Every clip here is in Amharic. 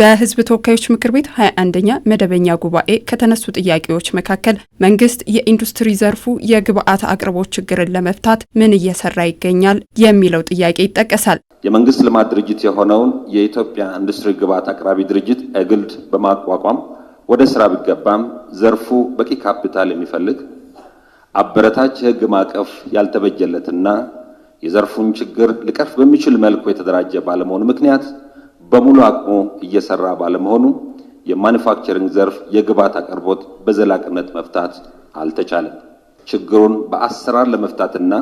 በህዝብ ተወካዮች ምክር ቤት 21ኛ መደበኛ ጉባኤ ከተነሱ ጥያቄዎች መካከል መንግስት የኢንዱስትሪ ዘርፉ የግብአት አቅርቦት ችግርን ለመፍታት ምን እየሰራ ይገኛል የሚለው ጥያቄ ይጠቀሳል። የመንግስት ልማት ድርጅት የሆነውን የኢትዮጵያ ኢንዱስትሪ ግብአት አቅራቢ ድርጅት እግልድ በማቋቋም ወደ ስራ ቢገባም ዘርፉ በቂ ካፒታል የሚፈልግ አበረታች የህግ ማዕቀፍ ያልተበጀለትና የዘርፉን ችግር ሊቀርፍ በሚችል መልኩ የተደራጀ ባለመሆኑ ምክንያት በሙሉ አቅሙ እየሰራ ባለመሆኑ የማኑፋክቸሪንግ ዘርፍ የግብዓት አቅርቦት በዘላቂነት መፍታት አልተቻለም። ችግሩን በአሰራር ለመፍታትና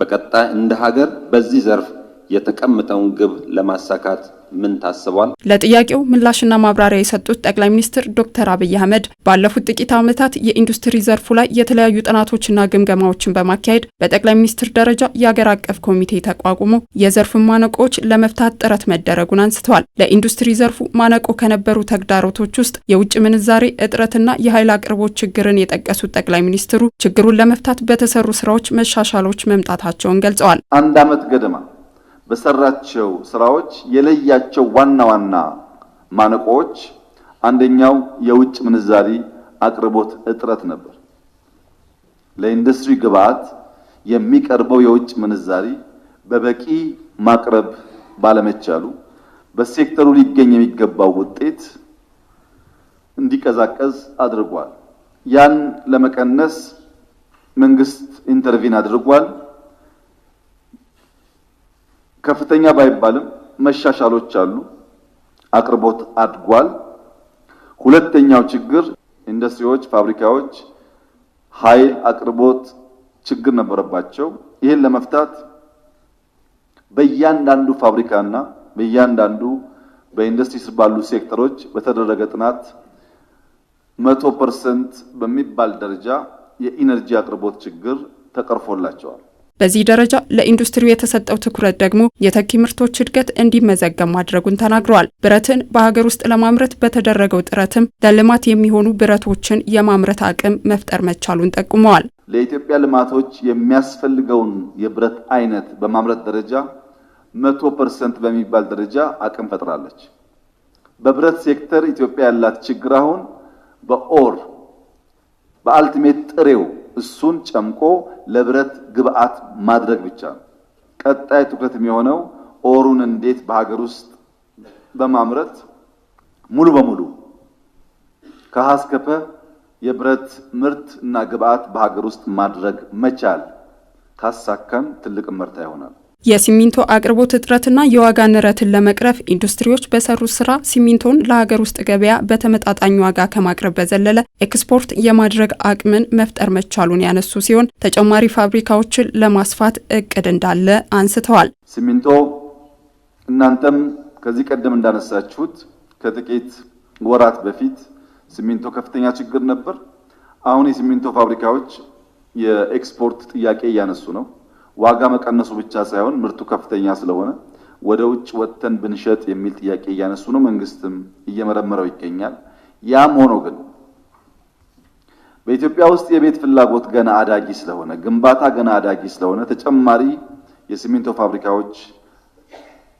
በቀጣይ እንደ ሀገር በዚህ ዘርፍ የተቀመጠውን ግብ ለማሳካት ምን ታስቧል? ለጥያቄው ምላሽና ማብራሪያ የሰጡት ጠቅላይ ሚኒስትር ዶክተር አብይ አህመድ ባለፉት ጥቂት ዓመታት የኢንዱስትሪ ዘርፉ ላይ የተለያዩ ጥናቶችና ግምገማዎችን በማካሄድ በጠቅላይ ሚኒስትር ደረጃ የአገር አቀፍ ኮሚቴ ተቋቁሞ የዘርፉን ማነቆዎች ለመፍታት ጥረት መደረጉን አንስተዋል። ለኢንዱስትሪ ዘርፉ ማነቆ ከነበሩ ተግዳሮቶች ውስጥ የውጭ ምንዛሬ እጥረትና የኃይል አቅርቦት ችግርን የጠቀሱት ጠቅላይ ሚኒስትሩ ችግሩን ለመፍታት በተሰሩ ስራዎች መሻሻሎች መምጣታቸውን ገልጸዋል። አንድ ዓመት ገደማ በሰራቸው ስራዎች የለያቸው ዋና ዋና ማነቆዎች አንደኛው የውጭ ምንዛሪ አቅርቦት እጥረት ነበር። ለኢንዱስትሪ ግብዓት የሚቀርበው የውጭ ምንዛሪ በበቂ ማቅረብ ባለመቻሉ በሴክተሩ ሊገኝ የሚገባው ውጤት እንዲቀዛቀዝ አድርጓል። ያን ለመቀነስ መንግስት ኢንተርቪን አድርጓል። ከፍተኛ ባይባልም መሻሻሎች አሉ። አቅርቦት አድጓል። ሁለተኛው ችግር ኢንዱስትሪዎች፣ ፋብሪካዎች ኃይል አቅርቦት ችግር ነበረባቸው። ይህን ለመፍታት በእያንዳንዱ ፋብሪካና በእያንዳንዱ በኢንዱስትሪ ስር ባሉ ሴክተሮች በተደረገ ጥናት መቶ ፐርሰንት በሚባል ደረጃ የኢነርጂ አቅርቦት ችግር ተቀርፎላቸዋል። በዚህ ደረጃ ለኢንዱስትሪው የተሰጠው ትኩረት ደግሞ የተኪ ምርቶች እድገት እንዲመዘገብ ማድረጉን ተናግረዋል። ብረትን በሀገር ውስጥ ለማምረት በተደረገው ጥረትም ለልማት የሚሆኑ ብረቶችን የማምረት አቅም መፍጠር መቻሉን ጠቁመዋል። ለኢትዮጵያ ልማቶች የሚያስፈልገውን የብረት አይነት በማምረት ደረጃ መቶ ፐርሰንት በሚባል ደረጃ አቅም ፈጥራለች። በብረት ሴክተር ኢትዮጵያ ያላት ችግር አሁን በኦር በአልቲሜት ጥሬው እሱን ጨምቆ ለብረት ግብአት ማድረግ ብቻ ነው። ቀጣይ ትኩረት የሚሆነው ኦሩን እንዴት በሀገር ውስጥ በማምረት ሙሉ በሙሉ ከሀስከፈ የብረት ምርት እና ግብአት በሀገር ውስጥ ማድረግ መቻል ካሳካን ትልቅ ምርታ ይሆናል። የሲሚንቶ አቅርቦት እጥረትና የዋጋ ንረትን ለመቅረፍ ኢንዱስትሪዎች በሰሩት ስራ ሲሚንቶን ለሀገር ውስጥ ገበያ በተመጣጣኝ ዋጋ ከማቅረብ በዘለለ ኤክስፖርት የማድረግ አቅምን መፍጠር መቻሉን ያነሱ ሲሆን ተጨማሪ ፋብሪካዎችን ለማስፋት እቅድ እንዳለ አንስተዋል። ሲሚንቶ እናንተም ከዚህ ቀደም እንዳነሳችሁት ከጥቂት ወራት በፊት ሲሚንቶ ከፍተኛ ችግር ነበር። አሁን የሲሚንቶ ፋብሪካዎች የኤክስፖርት ጥያቄ እያነሱ ነው። ዋጋ መቀነሱ ብቻ ሳይሆን ምርቱ ከፍተኛ ስለሆነ ወደ ውጭ ወጥተን ብንሸጥ የሚል ጥያቄ እያነሱ ነው። መንግስትም እየመረመረው ይገኛል። ያም ሆኖ ግን በኢትዮጵያ ውስጥ የቤት ፍላጎት ገና አዳጊ ስለሆነ፣ ግንባታ ገና አዳጊ ስለሆነ ተጨማሪ የሲሚንቶ ፋብሪካዎች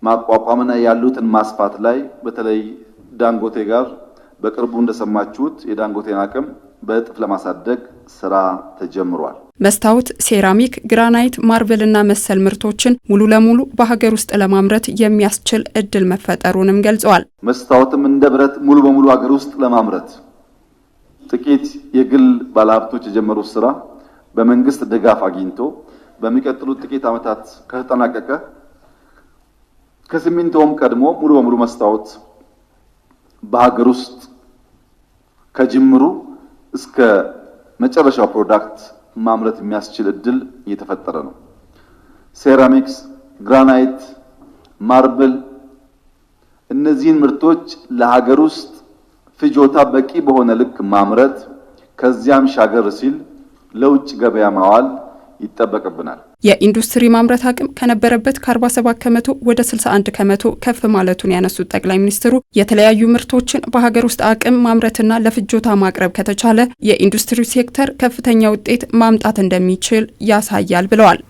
ማቋቋምና ያሉትን ማስፋት ላይ በተለይ ዳንጎቴ ጋር በቅርቡ እንደሰማችሁት የዳንጎቴን አቅም በእጥፍ ለማሳደግ ስራ ተጀምሯል። መስታወት፣ ሴራሚክ፣ ግራናይት፣ ማርብልና መሰል ምርቶችን ሙሉ ለሙሉ በሀገር ውስጥ ለማምረት የሚያስችል እድል መፈጠሩንም ገልጸዋል። መስታወትም እንደ ብረት ሙሉ በሙሉ ሀገር ውስጥ ለማምረት ጥቂት የግል ባለሀብቶች የጀመሩት ስራ በመንግስት ድጋፍ አግኝቶ በሚቀጥሉት ጥቂት ዓመታት ከተጠናቀቀ ከሲሚንቶም ቀድሞ ሙሉ በሙሉ መስታወት በሀገር ውስጥ ከጅምሩ እስከ መጨረሻው ፕሮዳክት ማምረት የሚያስችል እድል እየተፈጠረ ነው። ሴራሚክስ፣ ግራናይት፣ ማርብል እነዚህን ምርቶች ለሀገር ውስጥ ፍጆታ በቂ በሆነ ልክ ማምረት ከዚያም ሻገር ሲል ለውጭ ገበያ ማዋል ይጠበቅብናል። የኢንዱስትሪ ማምረት አቅም ከነበረበት ከ47 ከመቶ ወደ 61 ከመቶ ከፍ ማለቱን ያነሱት ጠቅላይ ሚኒስትሩ የተለያዩ ምርቶችን በሀገር ውስጥ አቅም ማምረትና ለፍጆታ ማቅረብ ከተቻለ የኢንዱስትሪ ሴክተር ከፍተኛ ውጤት ማምጣት እንደሚችል ያሳያል ብለዋል።